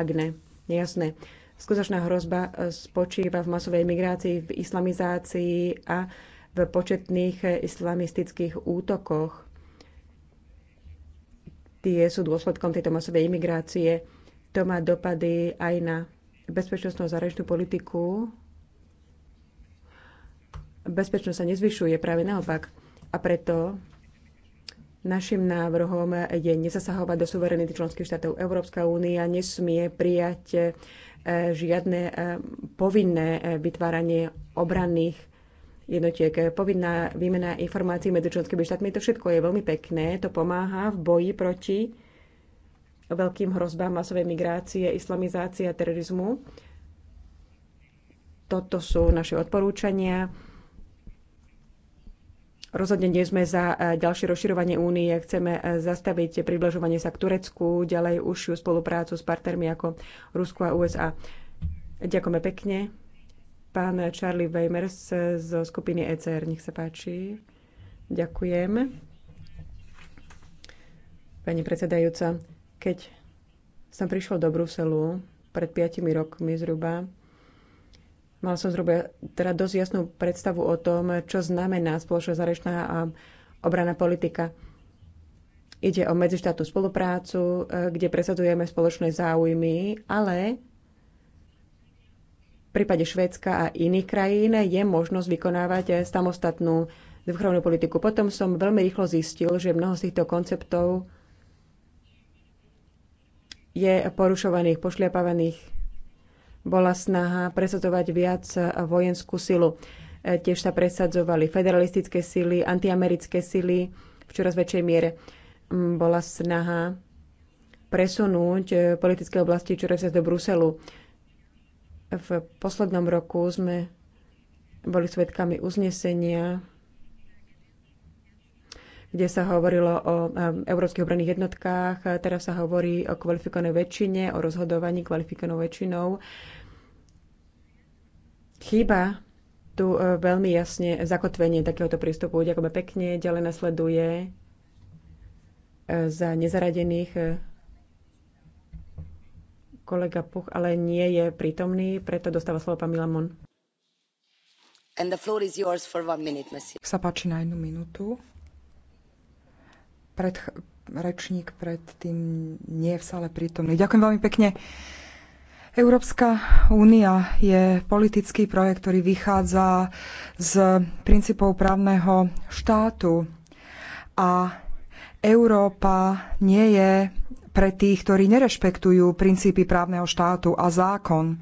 vagne, jasné. Skutočná hrozba eh, spočíva v masovej migrácii, v islamizácii a v početných eh, islamistických útokoch. Tie sú dôsledkom tejto masovej imigrácie. To má dopady aj na bezpečnostnú zahraničnú politiku. Bezpečnosť sa nezvyšuje, práve naopak. A preto Našim návrhom je nezasahovať do suverenity členských štátov. Európska únia nesmie prijať e, žiadne e, povinné e, vytváranie obranných jednotiek, povinná výmena informácií medzi členskými štátmi. To všetko je veľmi pekné, to pomáha v boji proti veľkým hrozbám masovej migrácie, islamizácie a terorizmu. Toto sú naše odporúčania Rozhodne nie sme za e, ďalšie rozširovanie únie. Chceme e, zastaviť približovanie sa k Turecku, ďalej užšiu spoluprácu s partnermi ako Rusko a USA. Ďakujeme pekne. Pán Charlie Weimers e, zo skupiny ECR, nech sa páči. Ďakujem. Pani predsedajúca, keď som prišiel do Bruselu pred 5 rokmi zhruba, Mal som zhruba teda dosť jasnú predstavu o tom, čo znamená spoločná zarečná a obranná politika. Ide o medzištátnu spoluprácu, e, kde presadzujeme spoločné záujmy, ale v prípade Švédska a iných krajín je možnosť vykonávať e, samostatnú vrchovnú politiku. Potom som veľmi rýchlo zistil, že mnoho z týchto konceptov je porušovaných, pošliapavaných bola snaha presadzovať viac vojenskú silu. E, tiež sa presadzovali federalistické sily, antiamerické sily v čoraz väčšej miere. Bola snaha presunúť e, politické oblasti čoraz viac do Bruselu. V poslednom roku sme boli svedkami uznesenia kde sa hovorilo o európskych obranných jednotkách. Teraz sa hovorí o kvalifikovanej väčšine, o rozhodovaní kvalifikovanou väčšinou. Chýba tu e, veľmi jasne zakotvenie takéhoto prístupu. Ďakujem pekne. Ďalej nasleduje e, za nezaradených e, kolega Puch, ale nie je prítomný, preto dostáva slovo pán Milamon. Minute, Sa páči na jednu minútu pred, rečník tým nie je v sále prítomný. Ďakujem veľmi pekne. Európska únia je politický projekt, ktorý vychádza z princípov právneho štátu a Európa nie je pre tých, ktorí nerešpektujú princípy právneho štátu a zákon.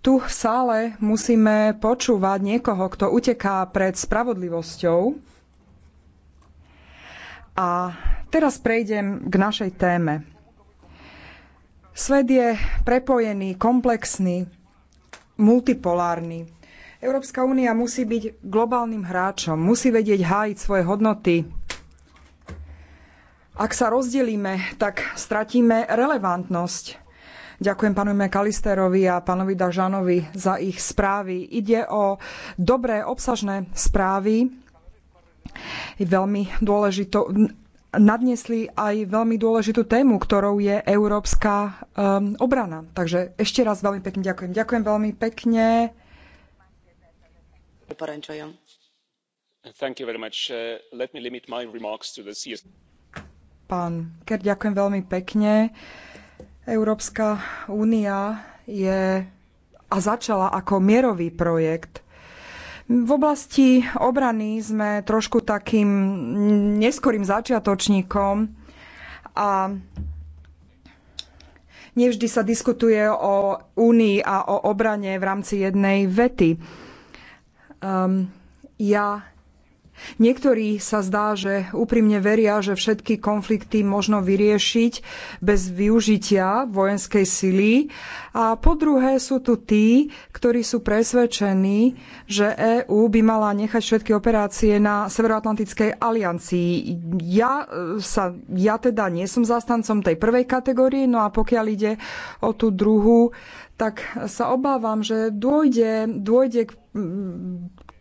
tu v sále musíme počúvať niekoho, kto uteká pred spravodlivosťou. A teraz prejdem k našej téme. Svet je prepojený, komplexný, multipolárny. Európska únia musí byť globálnym hráčom, musí vedieť hájiť svoje hodnoty. Ak sa rozdelíme, tak stratíme relevantnosť Ďakujem pánovi Kalisterovi a pánovi Dažanovi za ich správy. Ide o dobré obsažné správy, veľmi dôležito, nadnesli aj veľmi dôležitú tému, ktorou je európska um, obrana. Takže ešte raz veľmi pekne ďakujem. Ďakujem veľmi pekne. Pán Ker, ďakujem veľmi pekne. Európska únia je a začala ako mierový projekt. V oblasti obrany sme trošku takým neskorým začiatočníkom a nevždy sa diskutuje o únii a o obrane v rámci jednej vety. Um, ja Niektorí sa zdá, že úprimne veria, že všetky konflikty možno vyriešiť bez využitia vojenskej sily. A po druhé sú tu tí, ktorí sú presvedčení, že EÚ by mala nechať všetky operácie na Severoatlantickej aliancii. Ja, e, sa, ja teda nie som zastancom tej prvej kategórie, no a pokiaľ ide o tú druhú, tak sa obávam, že dôjde, dôjde k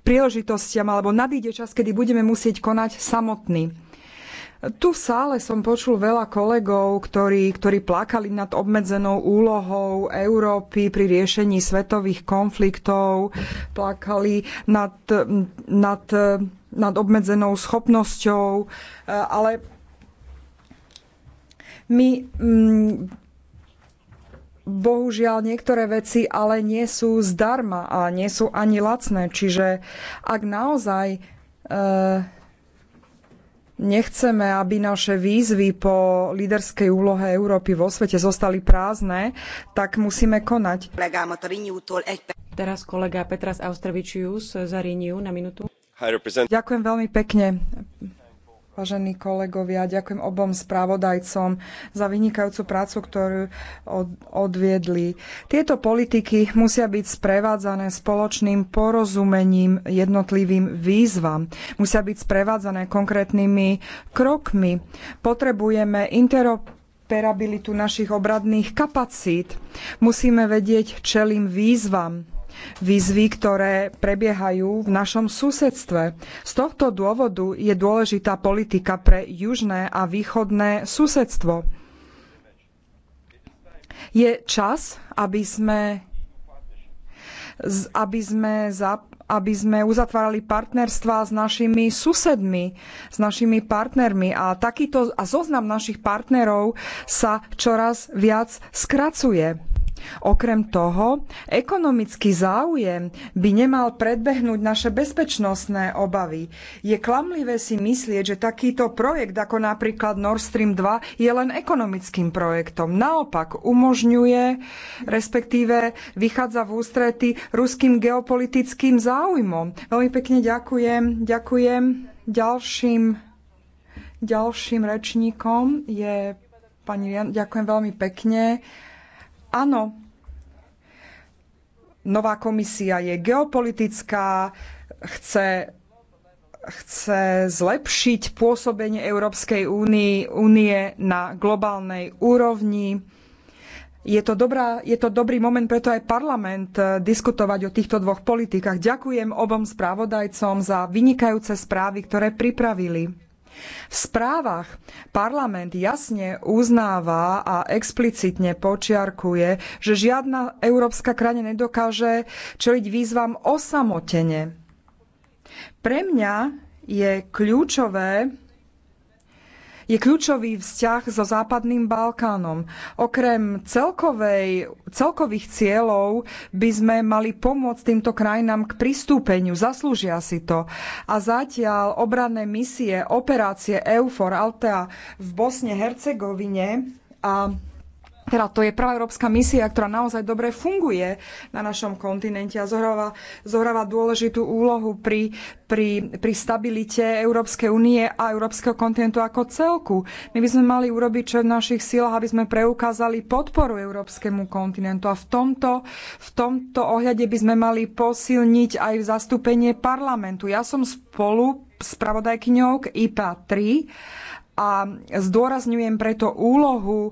príležitostiam alebo nadíde čas, kedy budeme musieť konať samotný. Tu v sále som počul veľa kolegov, ktorí, ktorí plakali nad obmedzenou úlohou Európy pri riešení svetových konfliktov, plakali nad, nad, nad obmedzenou schopnosťou, ale my mm, bohužiaľ niektoré veci ale nie sú zdarma a nie sú ani lacné. Čiže ak naozaj e, nechceme, aby naše výzvy po líderskej úlohe Európy vo svete zostali prázdne, tak musíme konať. Teraz kolega Petras Austrevičius za Riniu na minútu. Ďakujem veľmi pekne. Vážení kolegovia, ďakujem obom správodajcom za vynikajúcu prácu, ktorú od, odviedli. Tieto politiky musia byť sprevádzané spoločným porozumením jednotlivým výzvam. Musia byť sprevádzané konkrétnymi krokmi. Potrebujeme interoperabilitu našich obradných kapacít. Musíme vedieť čelým výzvam výzvy, ktoré prebiehajú v našom susedstve. Z tohto dôvodu je dôležitá politika pre južné a východné susedstvo. Je čas, aby sme, aby sme za, aby sme uzatvárali partnerstva s našimi susedmi, s našimi partnermi. A, takýto, a zoznam našich partnerov sa čoraz viac skracuje. Okrem toho, ekonomický záujem by nemal predbehnúť naše bezpečnostné obavy. Je klamlivé si myslieť, že takýto projekt ako napríklad Nord Stream 2 je len ekonomickým projektom. Naopak umožňuje, respektíve vychádza v ústrety ruským geopolitickým záujmom. Veľmi pekne ďakujem. Ďakujem. Ďalším, ďalším rečníkom je pani Jan. Ďakujem veľmi pekne. Áno, nová komisia je geopolitická, chce chce zlepšiť pôsobenie Európskej únie, únie na globálnej úrovni. Je to, dobrá, je to dobrý moment preto aj parlament eh, diskutovať o týchto dvoch politikách. Ďakujem obom správodajcom za vynikajúce správy, ktoré pripravili. V správach parlament jasne uznáva a explicitne počiarkuje, že žiadna európska krajina nedokáže čeliť výzvam osamotene. Pre mňa je kľúčové, je kľúčový vzťah so Západným Balkánom. Okrem celkovej, celkových cieľov by sme mali pomôcť týmto krajinám k pristúpeniu. Zaslúžia si to. A zatiaľ obranné misie, operácie EUFOR, Altea v Bosne, Hercegovine a teda to je prvá európska misia, ktorá naozaj dobre funguje na našom kontinente a zohráva, zohráva dôležitú úlohu pri, pri, pri stabilite Európskej únie a Európskeho kontinentu ako celku. My by sme mali urobiť čo v našich silách, aby sme preukázali podporu Európskemu kontinentu a v tomto, v tomto ohľade by sme mali posilniť aj v zastúpenie parlamentu. Ja som spolu spravodajkyňou k IPA 3 a zdôrazňujem preto úlohu e,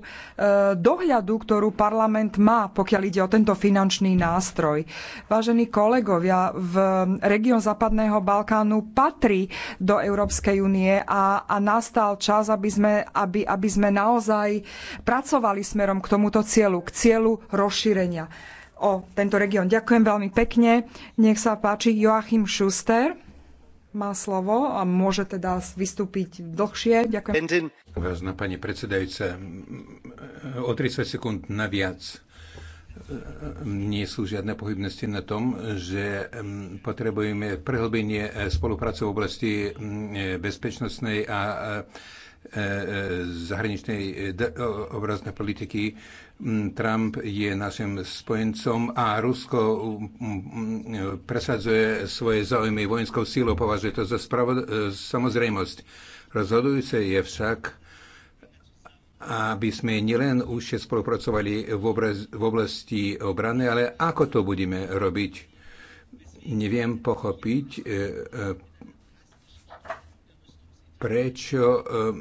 dohľadu, ktorú parlament má, pokiaľ ide o tento finančný nástroj. Vážení kolegovia, v región Západného Balkánu patrí do Európskej únie a, a nastal čas, aby sme, aby, aby sme naozaj pracovali smerom k tomuto cieľu, k cieľu rozšírenia o tento región. Ďakujem veľmi pekne. Nech sa páči Joachim Schuster má slovo a môže teda vystúpiť dlhšie. Ďakujem. Vážna pani predsedajúca, o 30 sekúnd naviac nie sú žiadne pohybnosti na tom, že mm, potrebujeme prehlbenie spolupráce v oblasti mm, bezpečnostnej a E, e, zahraničnej e, obraznej politiky. Mm, Trump je našim spojencom a Rusko mm, mm, presadzuje svoje záujmy vojenskou sílou, považuje to za spravo- samozrejmosť. Rozhodujúce je však, aby sme nielen už spolupracovali v, obraz- v oblasti obrany, ale ako to budeme robiť. Neviem pochopiť prečo ehm,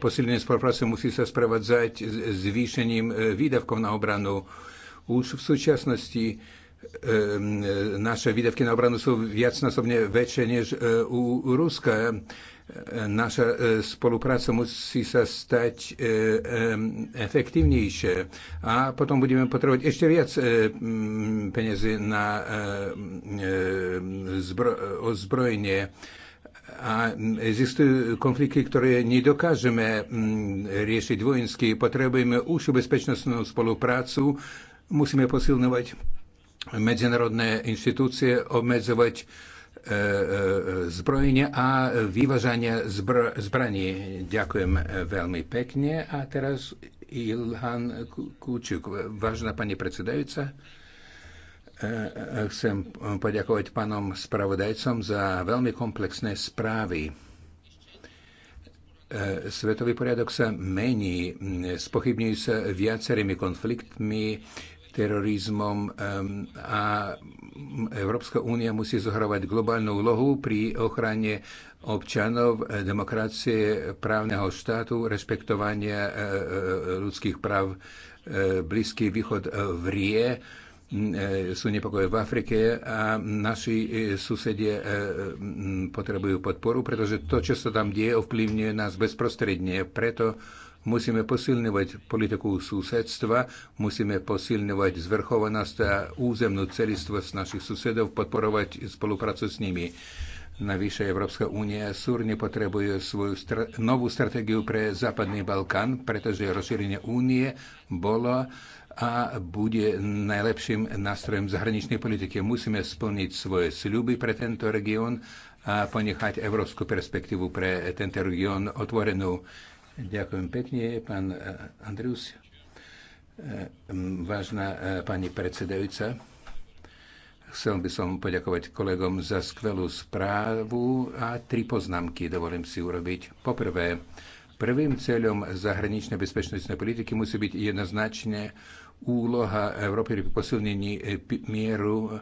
posilnenie spolupráce musí sa sprevádzať zvýšením e, výdavkov na obranu. Už v súčasnosti ehm, naše výdavky na obranu sú viacnásobne väčšie než e, u Ruska. E, naša spolupráca musí sa stať ehm, efektívnejšie a potom budeme potrebovať ešte viac peniazy na ozbrojenie. A existujú konflikty, ktoré nedokážeme mm, riešiť vojensky. Potrebujeme užšiu bezpečnostnú spoluprácu. Musíme posilňovať medzinárodné inštitúcie, obmedzovať e, e, zbrojenie a vyvážanie zbr- zbraní. Ďakujem e, veľmi pekne. A teraz Ilhan Kúčuk. vážna pani predsedajúca, Eh, chcem poďakovať pánom spravodajcom za veľmi komplexné správy. Eh, svetový poriadok sa mení, mm, spochybňujú sa viacerými konfliktmi, terorizmom eh, a Európska únia musí zohrávať globálnu úlohu pri ochrane občanov, demokracie, právneho štátu, rešpektovania ľudských práv. Blízky východ vrie Mm, e, sú nepokoje v Afrike a naši e, susedie e, potrebujú podporu, pretože to, čo sa tam deje, ovplyvňuje nás bezprostredne. Preto musíme posilňovať politiku susedstva, musíme posilňovať zvrchovanosť a územnú celistvosť našich susedov, podporovať spoluprácu s nimi. Navyše Európska únia súrne potrebuje svoju str- novú stratégiu pre Západný Balkán, pretože rozšírenie únie bolo a bude najlepším nástrojom zahraničnej politiky. Musíme splniť svoje sľuby pre tento región a ponechať európsku perspektívu pre tento región otvorenú. Ďakujem pekne, pán eh, Andrius. Eh, vážna eh, pani predsedajúca, chcel by som poďakovať kolegom za skvelú správu a tri poznámky dovolím si urobiť. Poprvé, prvým cieľom zahraničnej bezpečnostnej politiky musí byť jednoznačne úloha Európy pri posilnení e, mieru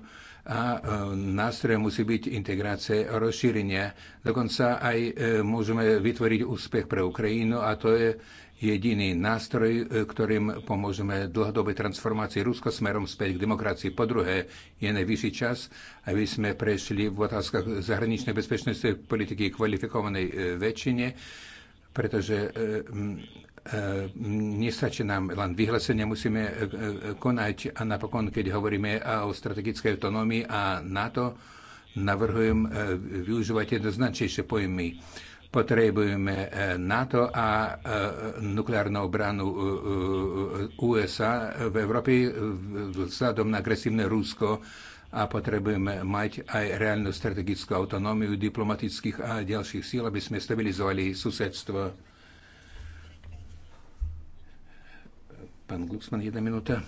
a e, nástroj musí byť integrácia a rozšírenia. Dokonca aj e, môžeme vytvoriť úspech pre Ukrajinu a to je jediný nástroj, ktorým pomôžeme dlhodobej transformácii Rusko smerom späť k demokracii. Po druhé, je najvyšší čas, aby sme prešli v otázkach zahraničnej bezpečnosti politiky kvalifikovanej väčšine, pretože Ehm, nestačí nám len vyhlásenie, musíme e, e, konať a napokon, keď hovoríme o strategickej autonómii a NATO, navrhujem e, využívať jednoznačnejšie pojmy. Potrebujeme NATO a nukleárnu obranu USA v Európe vzhľadom na agresívne Rusko a potrebujeme mať aj reálnu strategickú autonómiu diplomatických a ďalších síl, aby sme stabilizovali susedstvo. Pán Glucksmann, jedna minúta.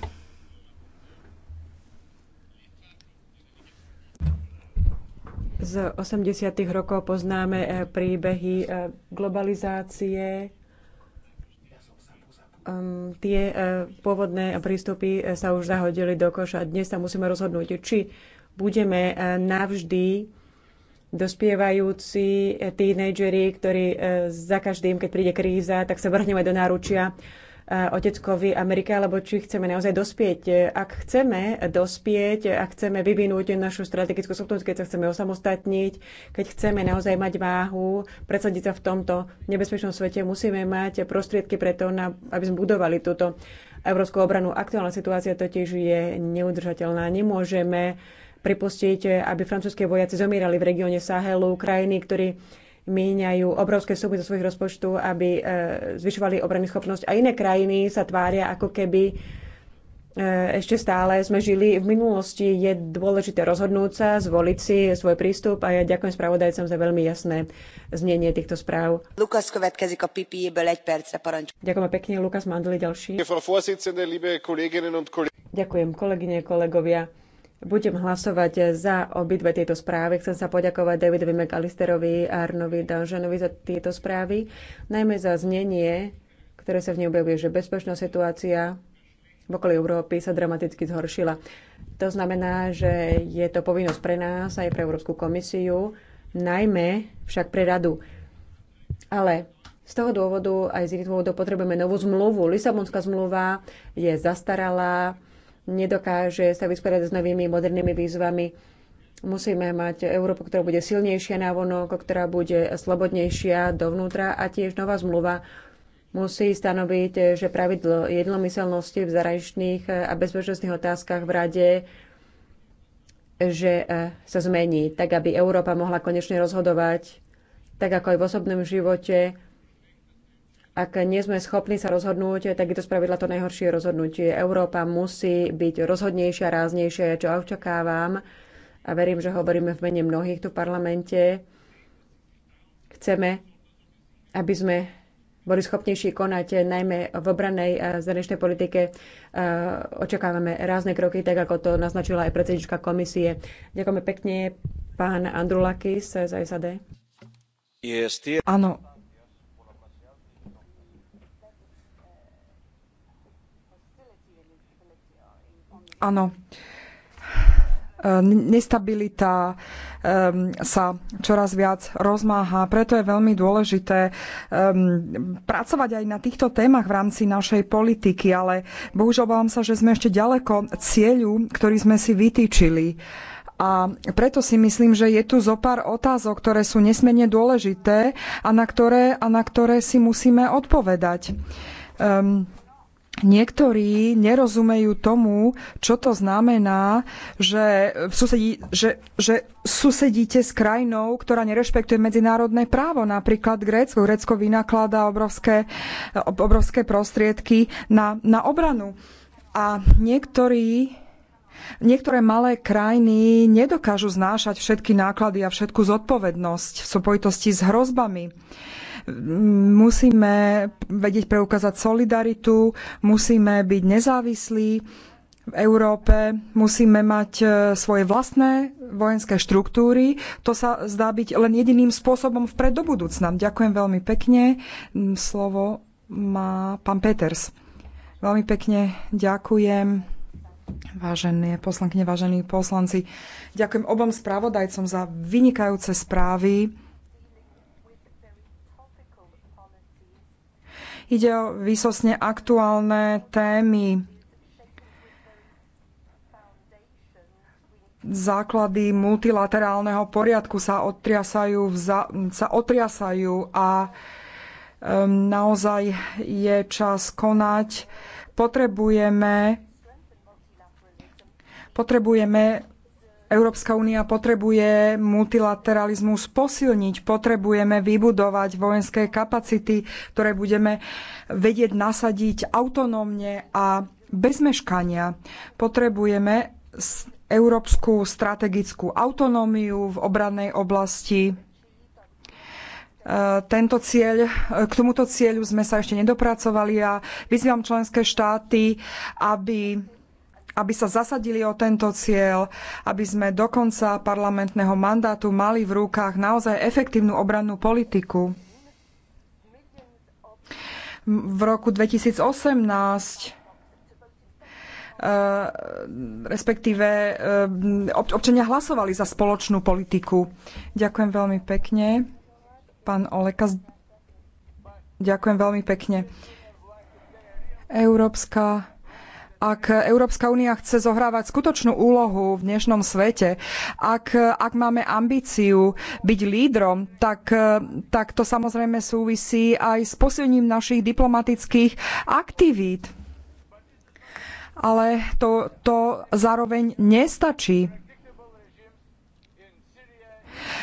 Z 80. rokov poznáme eh, príbehy eh, globalizácie. Ehm, tie eh, pôvodné prístupy sa už zahodili do koša. Dnes sa musíme rozhodnúť, či budeme navždy dospievajúci tínejdžeri, ktorí za každým, keď príde kríza, tak sa vrhneme do náručia Eh, oteckovi Amerike, alebo či chceme naozaj dospieť. Ak chceme dospieť, ak chceme vyvinúť našu strategickú schopnosť, keď sa chceme osamostatniť, keď chceme naozaj mať váhu, presadiť sa v tomto nebezpečnom svete, musíme mať prostriedky preto, aby sme budovali túto európsku obranu. Aktuálna situácia totiž je neudržateľná. Nemôžeme pripustiť, aby francúzske vojaci zomierali v regióne Sahelu, krajiny, ktorí míňajú obrovské sumy zo svojich rozpočtu, aby e, zvyšovali obrany schopnosť. A iné krajiny sa tvária, ako keby e, ešte stále sme žili v minulosti. Je dôležité rozhodnúť sa, zvoliť si svoj prístup a ja ďakujem spravodajcom za veľmi jasné znenie týchto správ. Lukas ppe Ďakujem pekne, Lukas Mandeli ďalší. Ďakujem kolegyne, kolegovia budem hlasovať za obidve tieto správy. Chcem sa poďakovať Davidovi McAllisterovi a Arnovi Danžanovi za tieto správy, najmä za znenie, ktoré sa v nej objavuje, že bezpečná situácia v okolí Európy sa dramaticky zhoršila. To znamená, že je to povinnosť pre nás aj pre Európsku komisiu, najmä však pre radu. Ale z toho dôvodu aj z iných dôvodov potrebujeme novú zmluvu. Lisabonská zmluva je zastaralá, nedokáže sa vysporiadať s novými modernými výzvami. Musíme mať Európu, ktorá bude silnejšia na vonok, ktorá bude slobodnejšia dovnútra a tiež nová zmluva musí stanoviť, že pravidlo jednomyselnosti v zahraničných a bezpečnostných otázkach v Rade že e, sa zmení, tak aby Európa mohla konečne rozhodovať, tak ako aj v osobnom živote, ak nie sme schopní sa rozhodnúť, tak je to spravidla to najhoršie rozhodnutie. Európa musí byť rozhodnejšia, ráznejšia, čo očakávam. A verím, že hovoríme v mene mnohých tu v parlamente. Chceme, aby sme boli schopnejší konať, najmä v obranej a zanečnej politike. Očakávame rázne kroky, tak ako to naznačila aj predsednička komisie. Ďakujeme pekne, pán Andrulakis z SAD. Áno, Áno. Nestabilita ehm, sa čoraz viac rozmáha, preto je veľmi dôležité ehm, pracovať aj na týchto témach v rámci našej politiky, ale bohužiaľ obávam sa, že sme ešte ďaleko cieľu, ktorý sme si vytýčili. A preto si myslím, že je tu zo pár otázok, ktoré sú nesmierne dôležité a na ktoré, a na ktoré si musíme odpovedať. Um, niektorí nerozumejú tomu, čo to znamená, že, susedí, že, že susedíte s krajinou, ktorá nerešpektuje medzinárodné právo, napríklad Grécko. Grécko vynakladá obrovské, obrovské prostriedky na, na obranu. A niektorí Niektoré malé krajiny nedokážu znášať všetky náklady a všetku zodpovednosť v spojitosti s hrozbami. Musíme vedieť preukázať solidaritu, musíme byť nezávislí v Európe, musíme mať e, svoje vlastné vojenské štruktúry. To sa zdá byť len jediným spôsobom vpred do budúcna. Ďakujem veľmi pekne. Slovo má pán Peters. Veľmi pekne ďakujem. Vážené poslankyne, vážení poslanci, ďakujem obom spravodajcom za vynikajúce správy. Ide o výsosne aktuálne témy. Základy multilaterálneho poriadku sa otriasajú, sa otriasajú a um, naozaj je čas konať. Potrebujeme potrebujeme Európska únia potrebuje multilateralizmus posilniť, potrebujeme vybudovať vojenské kapacity, ktoré budeme vedieť nasadiť autonómne a bez meškania. Potrebujeme európsku strategickú autonómiu v obrannej oblasti. E, tento cieľ, e, k tomuto cieľu sme sa ešte nedopracovali a vyzývam členské štáty, aby aby sa zasadili o tento cieľ, aby sme do konca parlamentného mandátu mali v rukách naozaj efektívnu obrannú politiku. V roku 2018 e, respektíve e, občania hlasovali za spoločnú politiku. Ďakujem veľmi pekne. Pán Oleka, ďakujem veľmi pekne. Európska ak Európska únia chce zohrávať skutočnú úlohu v dnešnom svete, ak, ak máme ambíciu byť lídrom, tak, tak to samozrejme súvisí aj s posilním našich diplomatických aktivít. Ale to, to zároveň nestačí.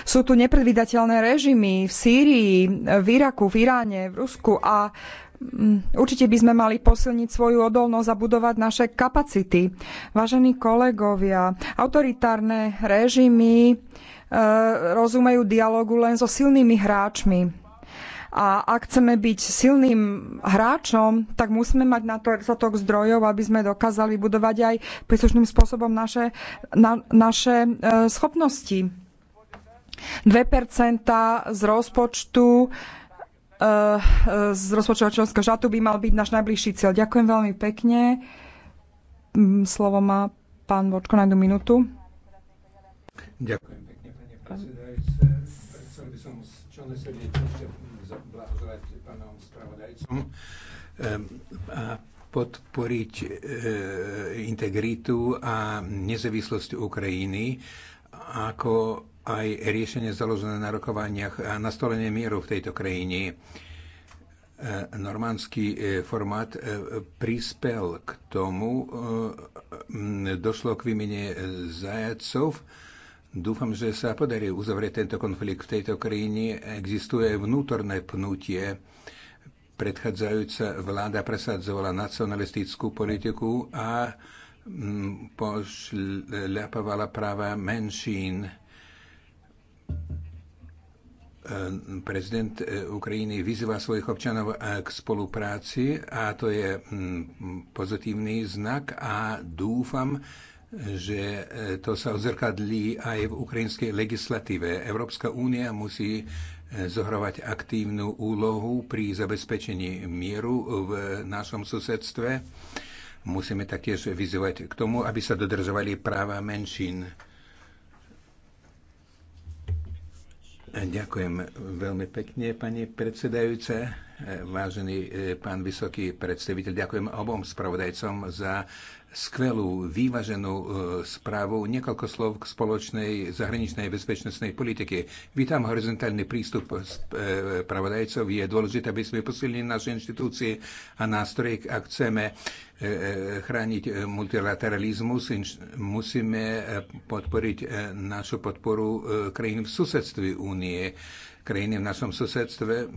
Sú tu nepredvídateľné režimy v Sýrii, v Iraku, v Iráne, v Rusku a Mm, určite by sme mali posilniť svoju odolnosť a budovať naše kapacity. Vážení kolegovia, autoritárne režimy e, rozumejú dialogu len so silnými hráčmi. A ak chceme byť silným hráčom, tak musíme mať na to dostatok zdrojov, aby sme dokázali budovať aj príslušným spôsobom naše, na, naše e, schopnosti. 2% z rozpočtu z rozpočtového členského štátu by mal byť náš najbližší cieľ. Ďakujem veľmi pekne. Mm, slovo má pán Vočko na jednu minútu. Ďakujem pekne, pani predsedajúce. Chcel by som pánom spravodajcom ehm, a podporiť e, integritu a nezávislosť Ukrajiny ako aj riešenie založené na rokovaniach a nastolenie mieru v tejto krajine. E, normandský e, formát e, prispel k tomu, došlo k výmene zajacov. Dúfam, že sa podarí uzavrieť tento konflikt v tejto krajine. Existuje vnútorné pnutie. Predchádzajúca vláda presadzovala nacionalistickú politiku a pošľapovala práva menšín E, prezident e, Ukrajiny vyzýva svojich občanov e, k spolupráci a to je mm, pozitívny znak a dúfam, že to sa odzrkadlí aj v ukrajinskej legislatíve. Európska únia musí zohrovať aktívnu úlohu pri zabezpečení mieru v našom susedstve. Musíme taktiež vyzývať k tomu, aby sa dodržovali práva menšín. Ďakujem veľmi pekne, pani predsedajúce. Vážený eh, pán vysoký predstaviteľ, ďakujem obom spravodajcom za skvelú, vyváženú e, správu, niekoľko slov k spoločnej zahraničnej bezpečnostnej politike. Vítam horizontálny prístup e, pravodajcov. Je dôležité, aby sme posilnili naše inštitúcie a nástroje, ak chceme e, e, chrániť multilateralizmus, musíme podporiť našu podporu krajín v susedstve únie, krajiny v našom susedstve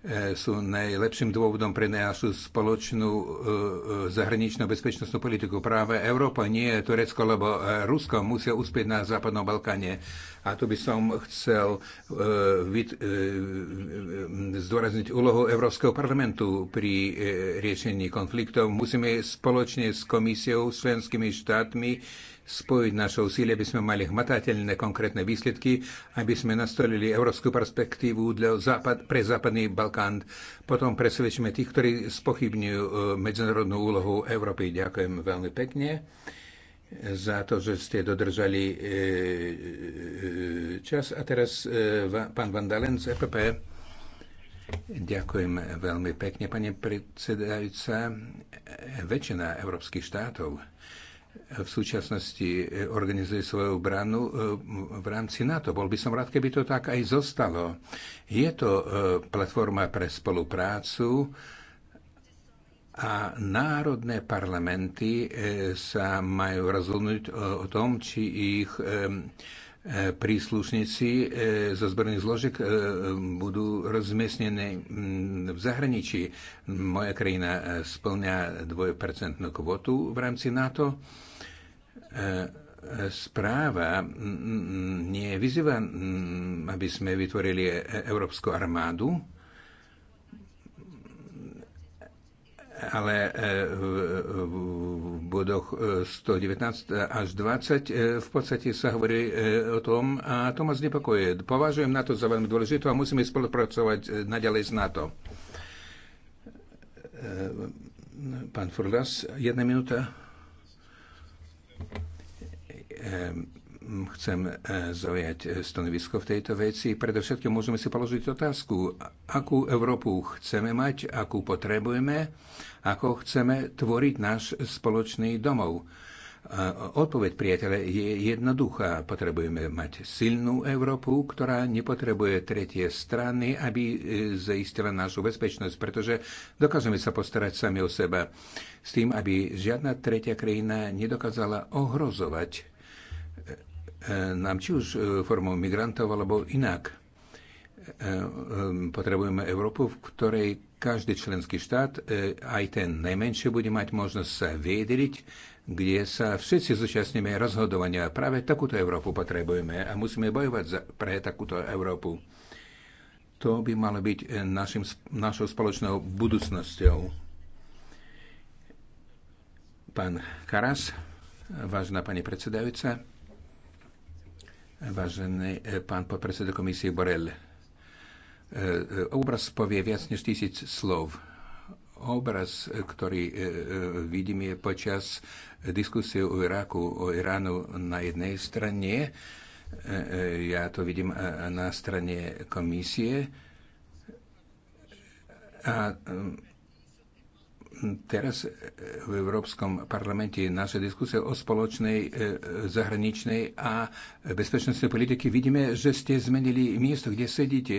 E, sú najlepším dôvodom pre našu spoločnú e, e, zahraničnú bezpečnostnú politiku. Práve Európa, nie Turecko, lebo Rusko musia uspieť na Západnom Balkáne. A tu by som chcel zdôrazniť úlohu Európskeho parlamentu pri riešení konfliktov. Musíme spoločne s komisiou, s členskými štátmi spojiť naše úsilie, aby sme mali hmatateľné konkrétne výsledky, aby sme nastolili európsku perspektívu dla západ, pre západný Balkán. Potom presvedčíme tých, ktorí spochybňujú e, medzinárodnú úlohu Európy. Ďakujem veľmi pekne za to, že ste dodržali e, e, čas. A teraz pán Vandalen z EPP. Ďakujem veľmi pekne, pani predsedajúca. Väčšina európskych štátov v súčasnosti e, organizuje svoju obranu e, v rámci NATO. Bol by som rád, keby to tak aj zostalo. Je to e, platforma pre spoluprácu a národné parlamenty sa majú rozhodnúť o tom, či ich príslušníci e, zo zbrojných zložiek e, budú rozmiestnení v zahraničí. Moja krajina e, splňa dvojpercentnú kvotu v rámci NATO. Správa nie vyzýva, aby sme vytvorili Európsku armádu, ale e, v bodoch 119 e, až 20 e, v podstate sa hovorí o tom a to ma znepokojuje. Považujem na to za veľmi dôležité a musíme spolupracovať naďalej s NATO. Pán Furlas, jedna minúta chcem eh, zaujať eh, stanovisko v tejto veci. Predovšetkým môžeme si položiť otázku, akú Európu chceme mať, akú potrebujeme, ako chceme tvoriť náš spoločný domov. Eh, odpoveď, priateľe, je jednoduchá. Potrebujeme mať silnú Európu, ktorá nepotrebuje tretie strany, aby zaistila našu bezpečnosť, pretože dokážeme sa postarať sami o seba s tým, aby žiadna tretia krajina nedokázala ohrozovať E, nám či už e, formou migrantov alebo inak. E, potrebujeme Európu, v ktorej každý členský štát, aj ten najmenší, bude mať možnosť sa viedriť, kde sa všetci zúčastníme rozhodovania. Práve takúto Európu potrebujeme a musíme bojovať za, pre takúto Európu. To by malo byť našim, našou spoločnou budúcnosťou. Pán Karas, vážna pani predsedajúca, Vážený e, pán podpredseda komisie Borel, e, e, obraz povie viac než tisíc slov. Obraz, ktorý vidím, je počas diskusie o Iraku, o Iránu na jednej strane, ja to vidím na strane komisie, a Teraz e, v Európskom parlamente je naša diskusia o spoločnej e, zahraničnej a bezpečnostnej politike vidíme, že ste zmenili miesto, kde sedíte.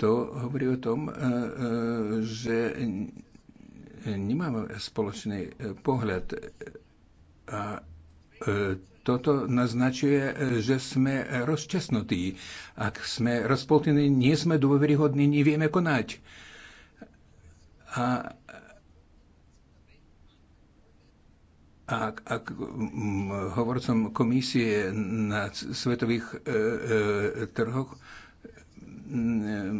To hovorí o tom, e, že nemáme spoločný pohľad a toto naznačuje, že sme rozčasnutí. Ak sme rozpoltení, nie sme dôveryhodní, nevieme konať. A ak, ak mm, hovorcom komisie na svetových e, e, trhoch mm,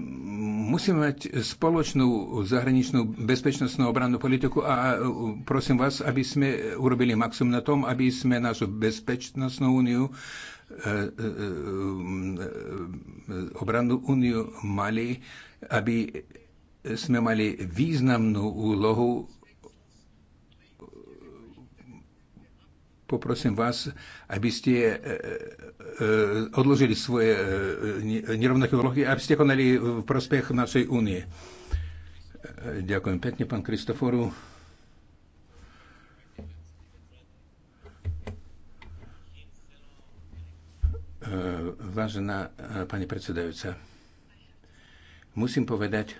musíme mať spoločnú zahraničnú bezpečnostnú obrannú politiku a e, prosím vás, aby sme urobili maximum na tom, aby sme našu bezpečnostnú úniu e, e, obrannú úniu mali, aby sme mali významnú úlohu poprosím vás, aby ste e, e, e, odložili svoje nerovnaké úlohy, aby ste konali v prospech našej únie. Ďakujem pekne, pán Kristoforu. Vážená pani predsedajúca, musím povedať,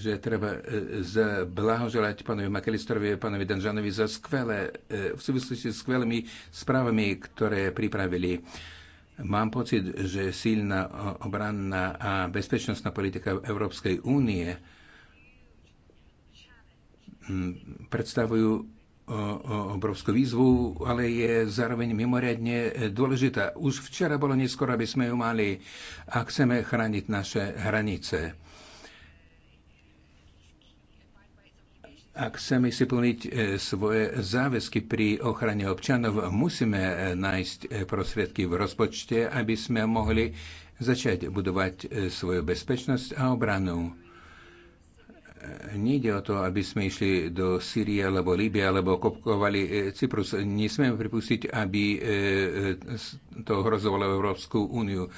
že treba e, zblahoželať pánovi Makelistrovi a pánovi Danžanovi za skvelé, e, v súvislosti s skvelými správami, ktoré pripravili. Mám pocit, že silná obranná a bezpečnostná politika Európskej únie predstavujú obrovskú výzvu, ale je zároveň mimoriadne e, dôležitá. Už včera bolo neskoro, aby sme ju mali a chceme chrániť naše hranice. Ak chceme si plniť e, svoje záväzky pri ochrane občanov, musíme e, nájsť e, prostriedky v rozpočte, aby sme mohli začať budovať svoju bezpečnosť a obranu. Nejde o to, aby sme išli do Syrie alebo Líbie alebo kopkovali Cyprus. Nesmieme pripustiť, aby to hrozovalo Európsku úniu.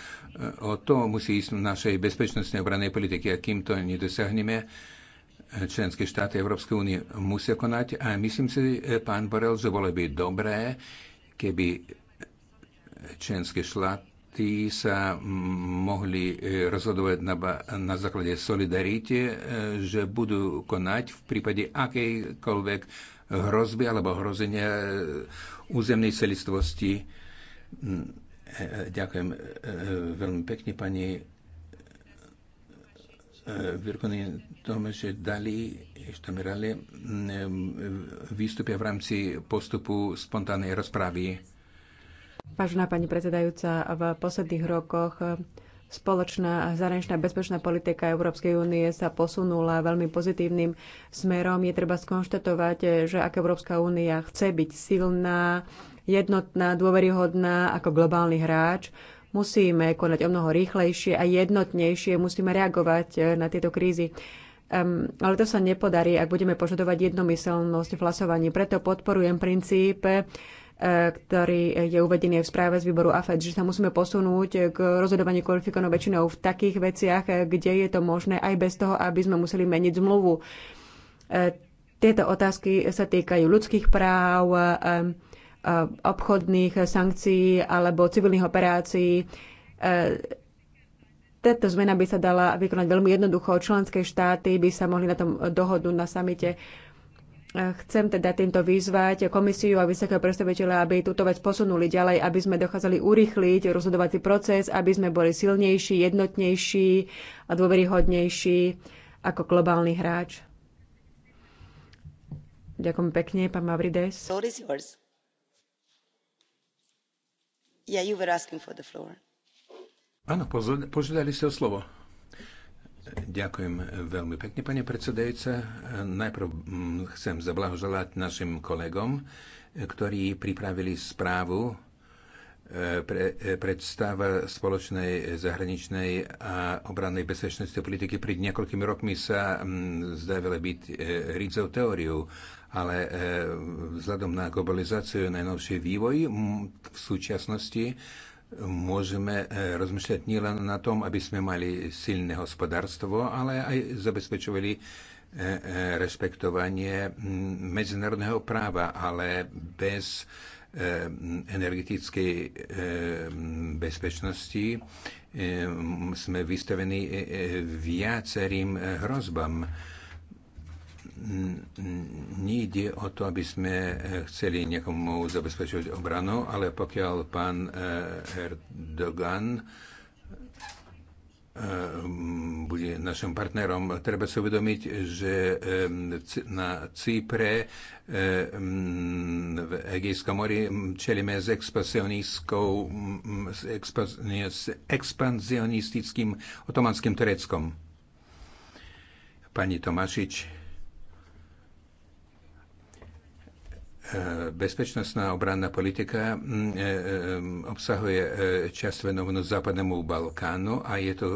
O to musí ísť v našej bezpečnostnej obranej politike. A kým to nedosiahneme, členské štáty Európskej únie musia konať a myslím si, pán Borel, že bolo by dobré, keby členské štáty sa mohli rozhodovať na, na základe solidarity, e, že budú konať v prípade akejkoľvek hrozby alebo hrozenia územnej celistvosti. Hm, e, e, ďakujem veľmi pekne, pani Eh, vykonanie tome, že dali merali, eh, výstupia v rámci postupu spontánnej rozpravy. Vážená pani predsedajúca, v posledných rokoch eh, spoločná zahraničná bezpečná politika Európskej únie sa posunula veľmi pozitívnym smerom. Je treba skonštatovať, že ak Európska únia chce byť silná, jednotná, dôveryhodná ako globálny hráč, Musíme konať o mnoho rýchlejšie a jednotnejšie, musíme reagovať e, na tieto krízy. Um, ale to sa nepodarí, ak budeme požadovať jednomyselnosť v hlasovaní. Preto podporujem princíp, e, ktorý je uvedený v správe z výboru AFED, že sa musíme posunúť k rozhodovaniu kvalifikovanou väčšinou v takých veciach, e, kde je to možné aj bez toho, aby sme museli meniť zmluvu. Tieto otázky sa týkajú ľudských práv, Eh, obchodných sankcií alebo civilných operácií. Eh, Táto zmena by sa dala vykonať veľmi jednoducho. Členské štáty by sa mohli na tom dohodnúť na samite. Eh, chcem teda týmto vyzvať komisiu a vysokého predstaviteľa, aby túto vec posunuli ďalej, aby sme dokázali urýchliť rozhodovací proces, aby sme boli silnejší, jednotnejší a dôveryhodnejší ako globálny hráč. Ďakujem pekne, pán Mavrides. is yours. Yeah, you were asking for the floor. Áno, požiadali ste o slovo. Ďakujem veľmi pekne, pani predsedajúca. Najprv mm, chcem zablahoželať našim kolegom, ktorí pripravili správu e, pre, e, predstava spoločnej zahraničnej a obrannej bezpečnosti politiky pred niekoľkými rokmi sa mm, zdavila byť e, rídzou teóriou ale e, vzhľadom na globalizáciu a najnovšie vývoj v súčasnosti môžeme e, rozmýšľať nielen na tom, aby sme mali silné hospodárstvo, ale aj zabezpečovali e, rešpektovanie medzinárodného práva, ale bez energetickej bezpečnosti sme vystavení viacerým hrozbám nejde o to, aby sme eh, chceli niekomu zabezpečovať obranu, ale pokiaľ pán eh, Erdogan eh, bude našim partnerom. Treba si uvedomiť, že na Cypre v Egejskom mori čelíme s, s expanzionistickým otomanským Tureckom. Pani Tomášič, E, bezpečnostná obranná politika e, e, obsahuje časť venovanú Západnému Balkánu a je to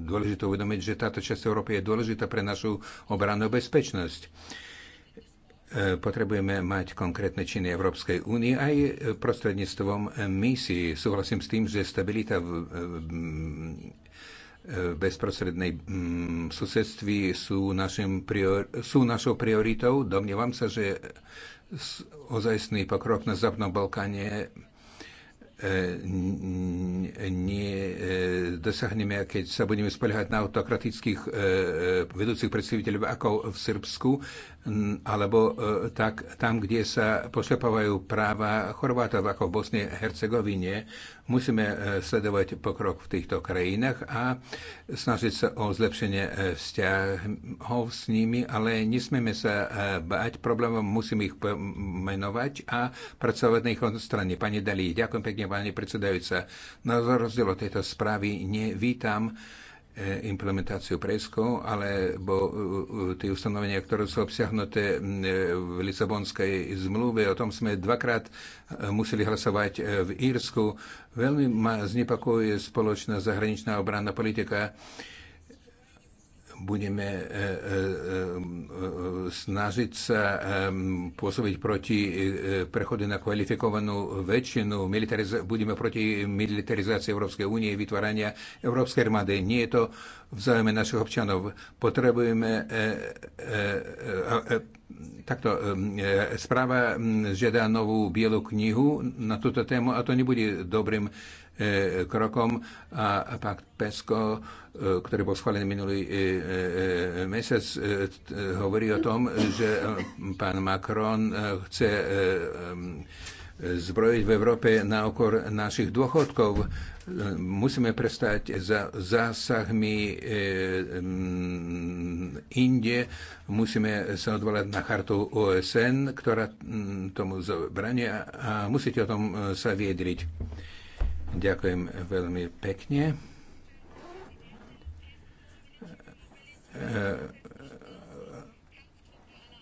dôležité uvedomiť, že táto časť Európy je dôležitá pre našu obrannú bezpečnosť. Potrebujeme mať konkrétne činy Európskej únie aj prostredníctvom misií. Súhlasím s tým, že stabilita v bezprostrednej mm, susedství sú, našim prior, sú našou prioritou. Domnievam sa, že ozajstný pokrok na Západnom Balkáne e, nie e, dosiahneme, keď sa budeme spoliehať na autokratických e, vedúcich predstaviteľov ako v Srbsku alebo e, tak, tam, kde sa poslepávajú práva Chorvátov ako v Bosne a Hercegovine. Musíme e, sledovať pokrok v týchto krajinách a snažiť sa o zlepšenie e, vzťahov s nimi, ale nesmieme sa bať problémom, musíme ich pomenovať a pracovať na ich strane. Pani Dalí, ďakujem pekne, pani predsedajúca. Na rozdiel od tejto správy nevítam E, implementáciu preskov, alebo e, e, tie ustanovenia, ktoré sú obsiahnuté v Lisabonskej zmluve. O tom sme dvakrát museli hlasovať v Írsku. Veľmi ma znepokojuje spoločná zahraničná obranná politika budeme e, e, e, snažiť sa pôsobiť proti prechode na kvalifikovanú väčšinu, budeme proti militarizácii Európskej únie, vytvárania Európskej armády. Nie je to v záujme našich občanov. Potrebujeme takto správa žiada novú bielu knihu na túto tému a to nebude dobrým E, krokom a pakt PESCO, e, ktorý bol schválený minulý e, mesiac, hovorí o tom, že pán Macron chce zbrojiť v Európe na okor našich dôchodkov. Musíme prestať za zásahmi Indie, musíme sa odvolať na chartu OSN, ktorá tomu zabrania a musíte o tom sa viedriť. Ďakujem veľmi pekne. Ehm,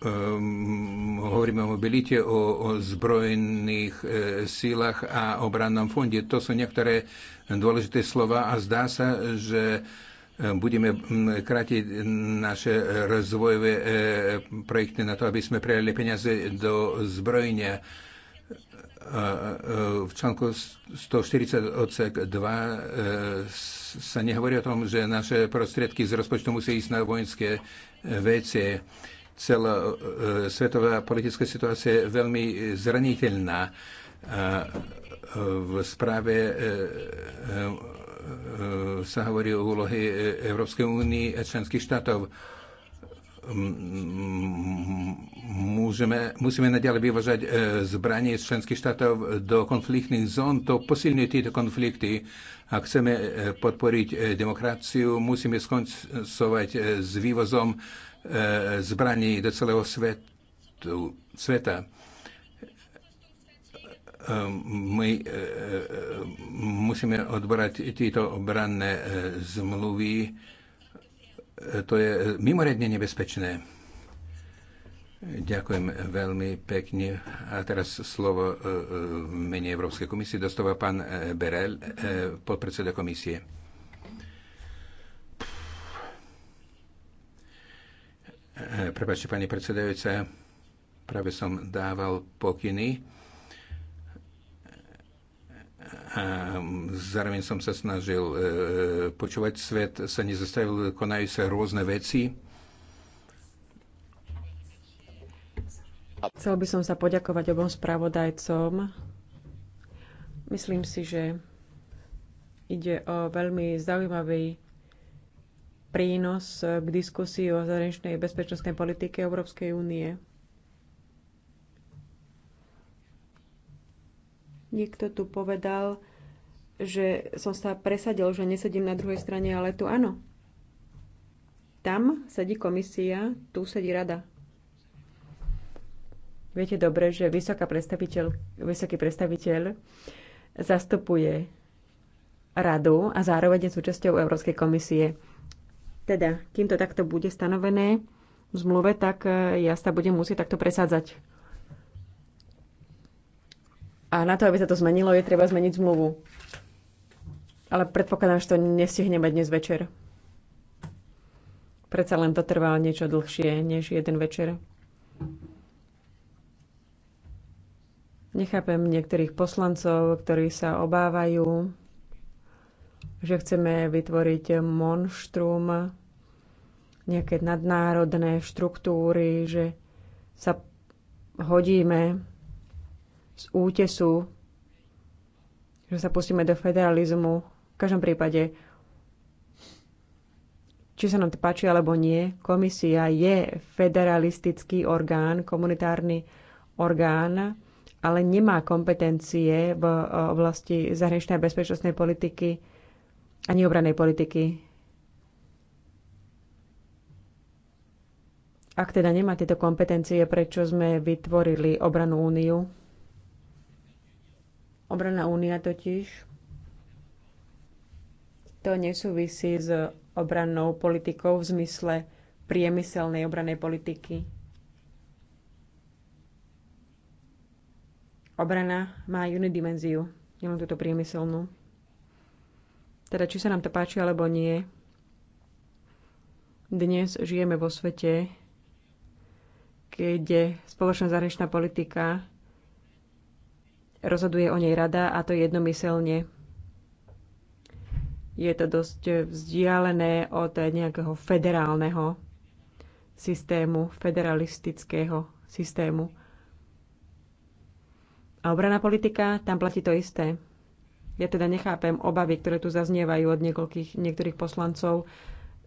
ehm, hovoríme o mobilite, o, zbrojných e, sílach a obrannom fonde. To sú niektoré dôležité slova a zdá sa, že e, budeme krátiť naše rozvojové e, projekty na to, aby sme prijali peniaze do zbrojenia v článku 140 odsek 2 e, sa nehovorí o tom, že naše prostriedky z rozpočtu musí ísť na vojenské veci. Celá e, svetová politická situácia je veľmi zraniteľná. E, v správe sa hovorí o úlohy Európskej únie a členských štátov Môžeme, musíme naďalej vyvážať e, zbranie z členských štátov do konfliktných zón. To posilňuje tieto konflikty. Ak chceme e, podporiť e, demokraciu, musíme skoncovať s vývozom zbraní do celého svetu, sveta my musíme odborať tieto obranné zmluvy to je mimoriadne nebezpečné. Ďakujem veľmi pekne. A teraz slovo e, e, v mene Európskej komisie dostáva pán e, Berel, podpredseda komisie. Prepačte, pani predsedajúca, práve som dával pokyny a mm, zároveň som sa snažil e, počúvať svet, sa nezastavil, konajú sa rôzne veci. Chcel by som sa poďakovať obom spravodajcom. Myslím si, že ide o veľmi zaujímavý prínos k diskusii o zahraničnej bezpečnostnej politike Európskej únie. Niekto tu povedal, že som sa presadil, že nesedím na druhej strane, ale tu áno. Tam sedí komisia, tu sedí rada. Viete dobre, že vysoká predstaviteľ, vysoký predstaviteľ zastupuje radu a zároveň je súčasťou Európskej komisie. Teda, kým to takto bude stanovené v zmluve, tak eh, ja sa budem musieť takto presádzať. A na to, aby sa to zmenilo, je treba zmeniť zmluvu. Ale predpokladám, že to nestihneme dnes večer. Predsa len to trvá niečo dlhšie než jeden večer. Nechápem niektorých poslancov, ktorí sa obávajú, že chceme vytvoriť monštrum, nejaké nadnárodné štruktúry, že sa hodíme z útesu, že sa pustíme do federalizmu. V každom prípade, či sa nám to páči alebo nie, komisia je federalistický orgán, komunitárny orgán, ale nemá kompetencie v eh, oblasti zahraničnej a bezpečnostnej politiky ani obranej politiky. Ak teda nemá tieto kompetencie, prečo sme vytvorili obranú úniu? Obranná únia totiž to nesúvisí s obrannou politikou v zmysle priemyselnej obranej politiky. Obrana má inú dimenziu, nielen túto priemyselnú. Teda či sa nám to páči alebo nie, dnes žijeme vo svete, kde spoločná zahraničná politika Rozhoduje o nej rada a to jednomyselne. Je to dosť vzdialené od nejakého federálneho systému, federalistického systému. A obraná politika, tam platí to isté. Ja teda nechápem obavy, ktoré tu zaznievajú od niekoľkých, niektorých poslancov,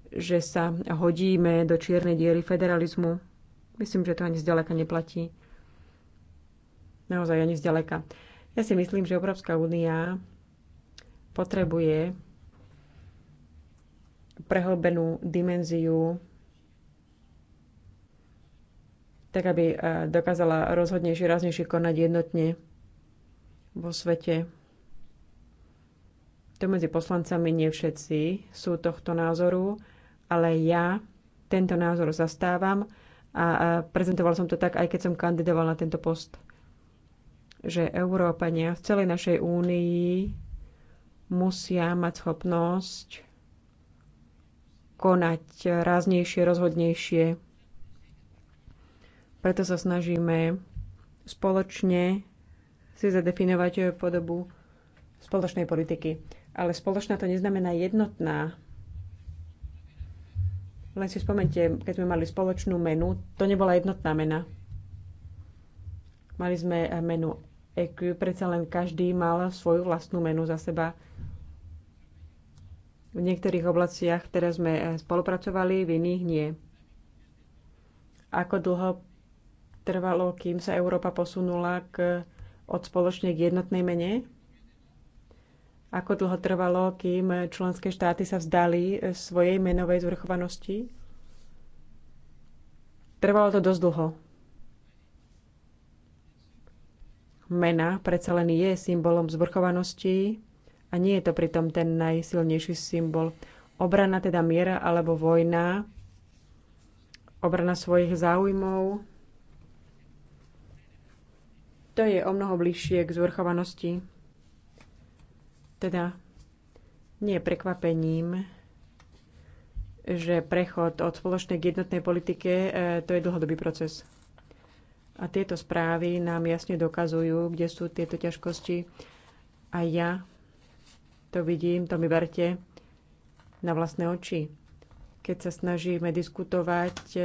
že sa hodíme do čiernej diery federalizmu. Myslím, že to ani zďaleka neplatí. Naozaj ani zďaleka. Ja si myslím, že Európska únia potrebuje prehlbenú dimenziu, tak aby eh, dokázala rozhodnejšie, raznejšie konať jednotne vo svete. To medzi poslancami nie všetci sú tohto názoru, ale ja tento názor zastávam a eh, prezentoval som to tak, aj keď som kandidoval na tento post že Európania v celej našej únii musia mať schopnosť konať ráznejšie, rozhodnejšie. Preto sa snažíme spoločne si zadefinovať podobu spoločnej politiky. Ale spoločná to neznamená jednotná. Len si spomente, keď sme mali spoločnú menu, to nebola jednotná mena. Mali sme menu EQ, predsa len každý mal svoju vlastnú menu za seba. V niektorých oblastiach teraz sme e, spolupracovali, v iných nie. Ako dlho trvalo, kým sa Európa posunula k, od spoločne k jednotnej mene? Ako dlho trvalo, kým členské štáty sa vzdali e, svojej menovej zvrchovanosti? Trvalo to dosť dlho mena predsa len je symbolom zvrchovanosti a nie je to pritom ten najsilnejší symbol. Obrana teda miera alebo vojna, obrana svojich záujmov, to je o mnoho bližšie k zvrchovanosti. Teda nie je prekvapením, že prechod od spoločnej k jednotnej politike e, to je dlhodobý proces. A tieto správy nám jasne dokazujú, kde sú tieto ťažkosti. A ja to vidím, to mi verte na vlastné oči. Keď sa snažíme diskutovať e,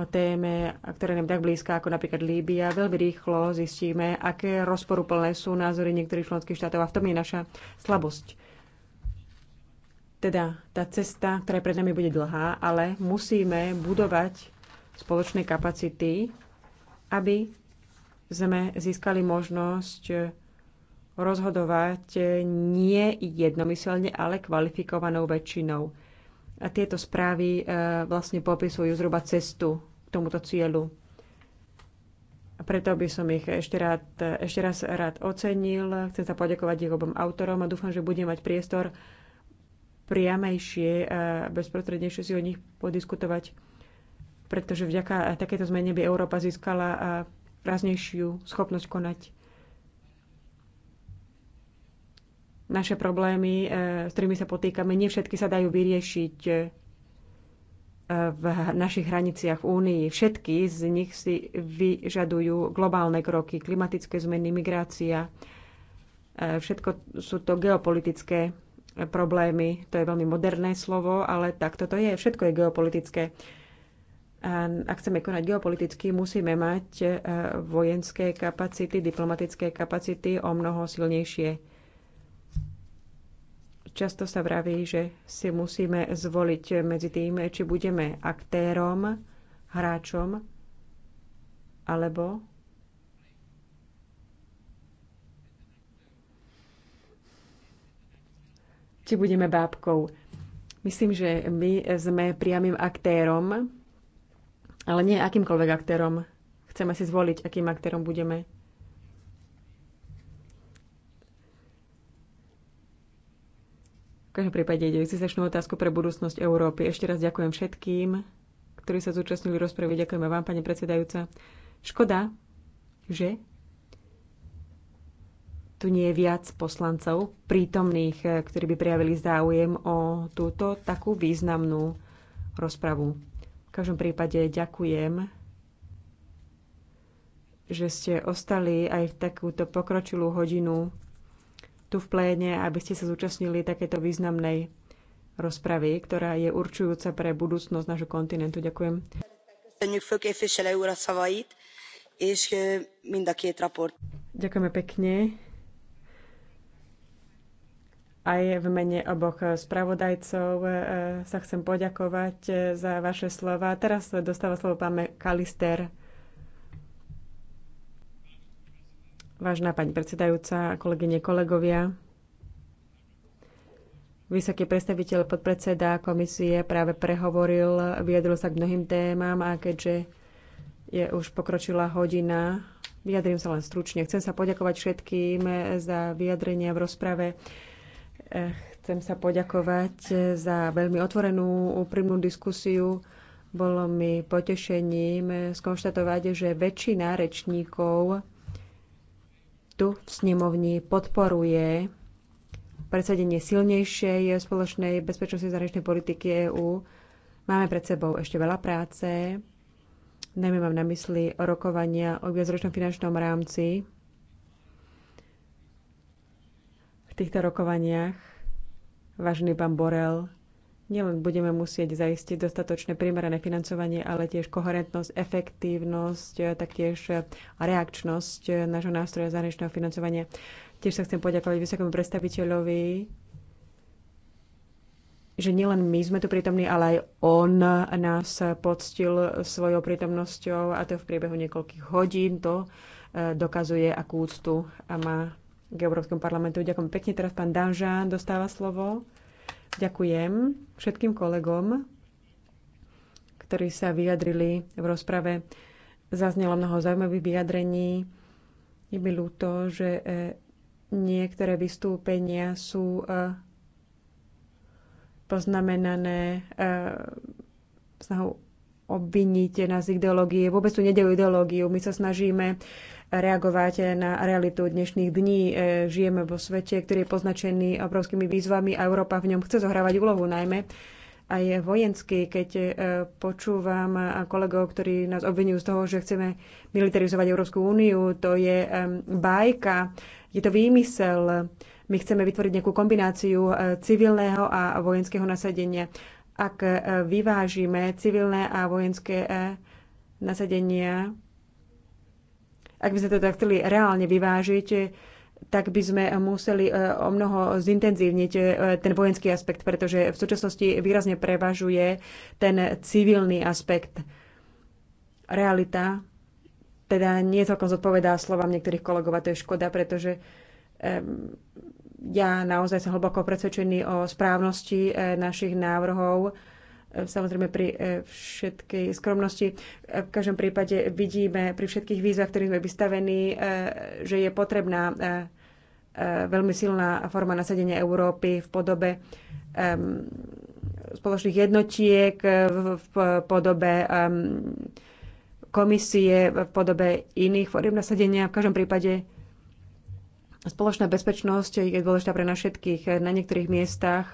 o téme, ktorá nám tak blízka, ako napríklad Líbia, veľmi rýchlo zistíme, aké rozporuplné sú názory niektorých členských štátov a v tom je naša slabosť. Teda tá cesta, ktorá pred nami bude dlhá, ale musíme budovať spoločné kapacity, aby sme získali možnosť rozhodovať nie jednomyselne, ale kvalifikovanou väčšinou. A tieto správy e, vlastne popisujú zhruba cestu k tomuto cieľu. A preto by som ich ešte, rád, ešte raz rád ocenil. Chcem sa poďakovať ich obom autorom a dúfam, že budem mať priestor priamejšie, a bezprostrednejšie si o nich podiskutovať pretože vďaka takéto zmene by Európa získala ráznejšiu schopnosť konať. Naše problémy, e, s ktorými sa potýkame, nie všetky sa dajú vyriešiť e, v našich hraniciach v Únii. Všetky z nich si vyžadujú globálne kroky, klimatické zmeny, migrácia. E, všetko sú to geopolitické problémy. To je veľmi moderné slovo, ale takto toto je. Všetko je geopolitické. A ak chceme konať geopoliticky, musíme mať e, vojenské kapacity, diplomatické kapacity o mnoho silnejšie. Často sa vraví, že si musíme zvoliť medzi tým, či budeme aktérom, hráčom, alebo či budeme bábkou. Myslím, že my sme priamým aktérom ale nie akýmkoľvek aktérom. Chceme si zvoliť, akým aktérom budeme. V každom prípade ide existenčnú otázku pre budúcnosť Európy. Ešte raz ďakujem všetkým, ktorí sa zúčastnili rozpravy. Ďakujeme vám, pani predsedajúca. Škoda, že tu nie je viac poslancov prítomných, ktorí by prijavili záujem o túto takú významnú rozpravu. V každom prípade ďakujem, že ste ostali aj v takúto pokročilú hodinu tu v pléne, aby ste sa zúčastnili takéto významnej rozpravy, ktorá je určujúca pre budúcnosť nášho kontinentu. Ďakujem. Ďakujeme pekne. Aj v mene oboch spravodajcov e, sa chcem poďakovať e, za vaše slova. Teraz dostáva slovo pán Kalister. Vážená pani predsedajúca, kolegyne, kolegovia, Vysoký predstaviteľ podpredseda komisie práve prehovoril, vyjadril sa k mnohým témam a keďže je už pokročila hodina, vyjadrím sa len stručne. Chcem sa poďakovať všetkým za vyjadrenia v rozprave. Eh, chcem sa poďakovať eh, za veľmi otvorenú, úprimnú diskusiu. Bolo mi potešením eh, skonštatovať, že väčšina rečníkov tu v snemovni podporuje predsadenie silnejšej spoločnej bezpečnosti zahraničnej politiky EÚ. Máme pred sebou ešte veľa práce, najmä mám na mysli rokovania o viacročnom finančnom rámci týchto rokovaniach, vážny pán Borel, nielen budeme musieť zaistiť dostatočné primerané financovanie, ale tiež koherentnosť, efektívnosť, e, taktiež e, reakčnosť e, nášho nástroja zahraničného financovania. Tiež sa chcem poďakovať vysokému predstaviteľovi, že nielen my sme tu prítomní, ale aj on nás poctil svojou prítomnosťou a to v priebehu niekoľkých hodín. To dokazuje, akú úctu má k Európskemu parlamentu. Ďakujem pekne. Teraz pán Danžán dostáva slovo. Ďakujem všetkým kolegom, ktorí sa vyjadrili v rozprave. Zaznelo mnoho zaujímavých vyjadrení. Je mi ľúto, že e, niektoré vystúpenia sú e, poznamenané e, snahou obviniť nás ideológie. Vôbec tu nedejú ideológiu. My sa snažíme reagovať na realitu dnešných dní. E, žijeme vo svete, ktorý je poznačený obrovskými výzvami a Európa v ňom chce zohrávať úlohu najmä aj vojensky, keď e, počúvam e, kolegov, ktorí nás obvinujú z toho, že chceme militarizovať Európsku úniu, to je bajka, je to výmysel. My chceme vytvoriť nejakú kombináciu civilného a vojenského nasadenia. Ak vyvážime civilné a vojenské nasadenia, ak by sme to chceli reálne vyvážiť, tak by sme museli e, o mnoho zintenzívniť e, ten vojenský aspekt, pretože v súčasnosti výrazne prevažuje ten civilný aspekt. Realita teda nie celkom zodpovedá slovám niektorých kolegov a to je škoda, pretože ja naozaj som hlboko presvedčený o správnosti e, našich návrhov E, samozrejme pri e, všetkej skromnosti. E, v každom prípade vidíme pri všetkých výzvach, ktorým sme vystavení, že je potrebná veľmi silná forma nasadenia Európy v podobe spoločných jednotiek, v podobe komisie, v podobe iných foriem nasadenia. V každom prípade Spoločná bezpečnosť je dôležitá pre nás všetkých. Na niektorých miestach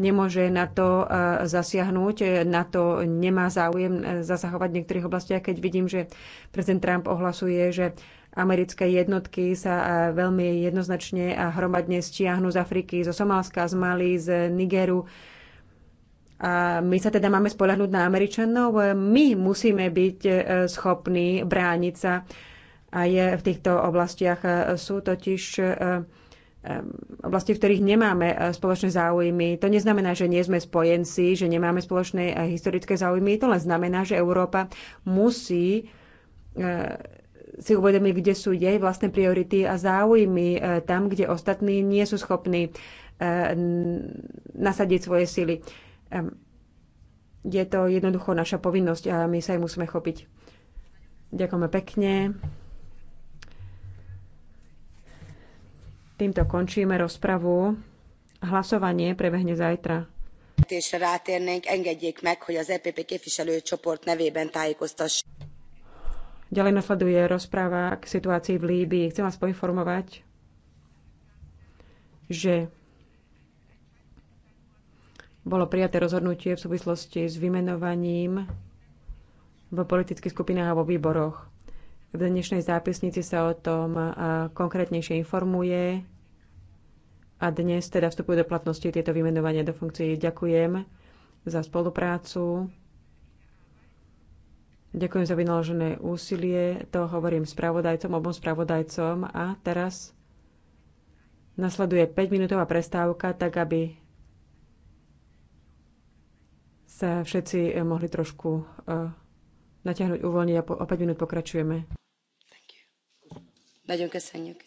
nemôže na to eh, zasiahnuť, na to nemá záujem eh, zasahovať v niektorých oblastiach, keď vidím, že prezident Trump ohlasuje, že americké jednotky sa eh, veľmi jednoznačne a hromadne stiahnu z Afriky, zo Somálska, z Mali, z Nigeru. A my sa teda máme spolahnuť na Američanov. My musíme byť schopní brániť sa aj v týchto oblastiach. E, sú totiž e, e, oblasti, v ktorých nemáme spoločné záujmy. To neznamená, že nie sme spojenci, že nemáme spoločné historické záujmy. To len znamená, že Európa musí si uvedomiť, kde sú jej vlastné priority a záujmy tam, kde ostatní nie sú schopní nasadiť svoje sily. Je to jednoducho naša povinnosť a my sa jej musíme chopiť. Ďakujeme pekne. Týmto končíme rozpravu. Hlasovanie prebehne zajtra. E Ďalej nasleduje rozpráva k situácii v Líbii. Chcem vás poinformovať, že bolo prijaté rozhodnutie v súvislosti s vymenovaním v politických skupinách a vo výboroch. V dnešnej zápisnici sa o tom konkrétnejšie informuje a dnes teda vstupujú do platnosti tieto vymenovania do funkcií. Ďakujem za spoluprácu. Ďakujem za vynaložené úsilie. To hovorím spravodajcom, obom spravodajcom. A teraz nasleduje 5-minútová prestávka, tak aby sa všetci mohli trošku e, natiahnuť uvoľniť a o 5 minút pokračujeme. Nagyon köszönjük.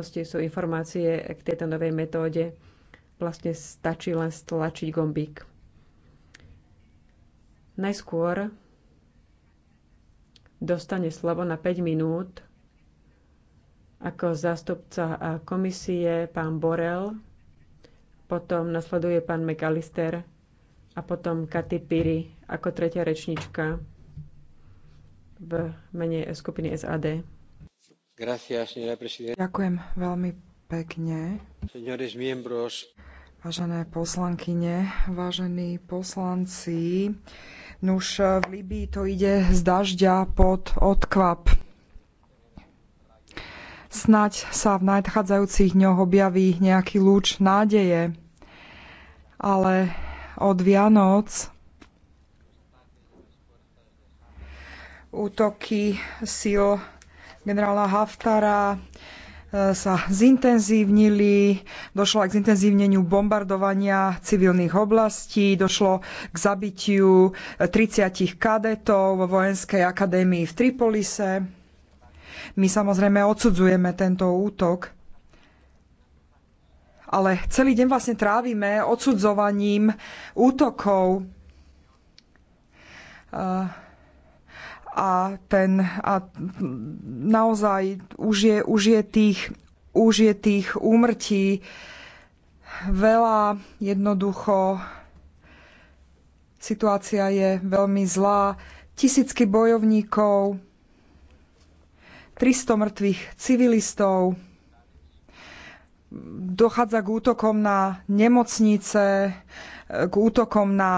skutočnosti sú informácie k tejto novej metóde. Vlastne stačí len stlačiť gombík. Najskôr dostane slovo na 5 minút ako zástupca komisie pán Borel, potom nasleduje pán McAllister a potom Katy Piri ako tretia rečnička v mene skupiny SAD. Ďakujem veľmi pekne. Vážené poslankyne, vážení poslanci, nuž v Libii to ide z dažďa pod odkvap. Snaď sa v nadchádzajúcich dňoch objaví nejaký lúč nádeje, ale od Vianoc útoky síl generála Haftara e, sa zintenzívnili, došlo k zintenzívneniu bombardovania civilných oblastí, došlo k zabitiu 30 kadetov vo Vojenskej akadémii v Tripolise. My samozrejme odsudzujeme tento útok, ale celý deň vlastne trávime odsudzovaním útokov. Uh, a, ten, a naozaj už je, už je tých, už je tých úmrtí veľa, jednoducho situácia je veľmi zlá, tisícky bojovníkov, 300 mŕtvych civilistov, dochádza k útokom na nemocnice, k útokom na